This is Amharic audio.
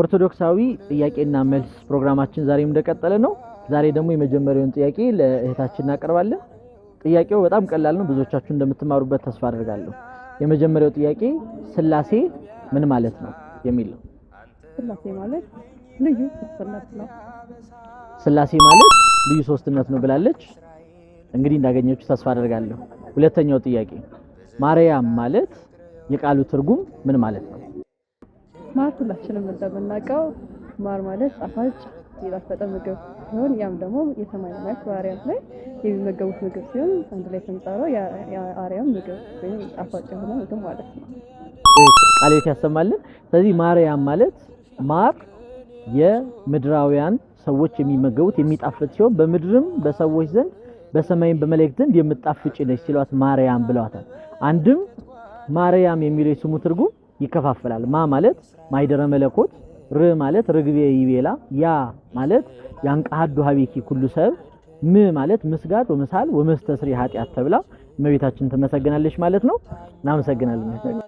ኦርቶዶክሳዊ ጥያቄና መልስ ፕሮግራማችን ዛሬም እንደቀጠለ ነው። ዛሬ ደግሞ የመጀመሪያውን ጥያቄ ለእህታችን እናቀርባለን። ጥያቄው በጣም ቀላል ነው። ብዙዎቻችሁ እንደምትማሩበት ተስፋ አድርጋለሁ። የመጀመሪያው ጥያቄ ስላሴ ምን ማለት ነው የሚል ነው። ስላሴ ማለት ልዩ ሶስትነት ነው። ስላሴ ማለት ልዩ ሶስትነት ነው ብላለች። እንግዲህ እንዳገኘችው ተስፋ አድርጋለሁ። ሁለተኛው ጥያቄ ማርያም ማለት የቃሉ ትርጉም ምን ማለት ነው? ማር ሁላችንም እንደምናውቀው ማር ማለት ጣፋጭ የጣፈጠ ምግብ ሲሆን ያም ደግሞ የሰማይ መላእክት በአርያም ላይ የሚመገቡት ምግብ ሲሆን አንድ ላይ ስንጠራው የአርያም ምግብ ወይም ጣፋጭ የሆነ ምግብ ማለት ነው። ቃሌት ያሰማልን። ስለዚህ ማርያም ማለት ማር የምድራውያን ሰዎች የሚመገቡት የሚጣፍጥ ሲሆን በምድርም በሰዎች ዘንድ በሰማይም በመላእክት ዘንድ የምጣፍጭ ነች ሲሏት ማርያም ብለዋታል። አንድም ማርያም የሚለው የስሙ ትርጉም ይከፋፈላል። ማ ማለት ማይደረ መለኮት፣ ር ማለት ርግቤ ይቤላ፣ ያ ማለት ያንቀሃዱ ሀቤኪ ኩሉ ሰብ፣ ም ማለት ምስጋድ ወመሳል ወመስተስሪ ኃጢአት ተብላ እመቤታችን ትመሰግናለች ማለት ነው። እናመሰግናለን።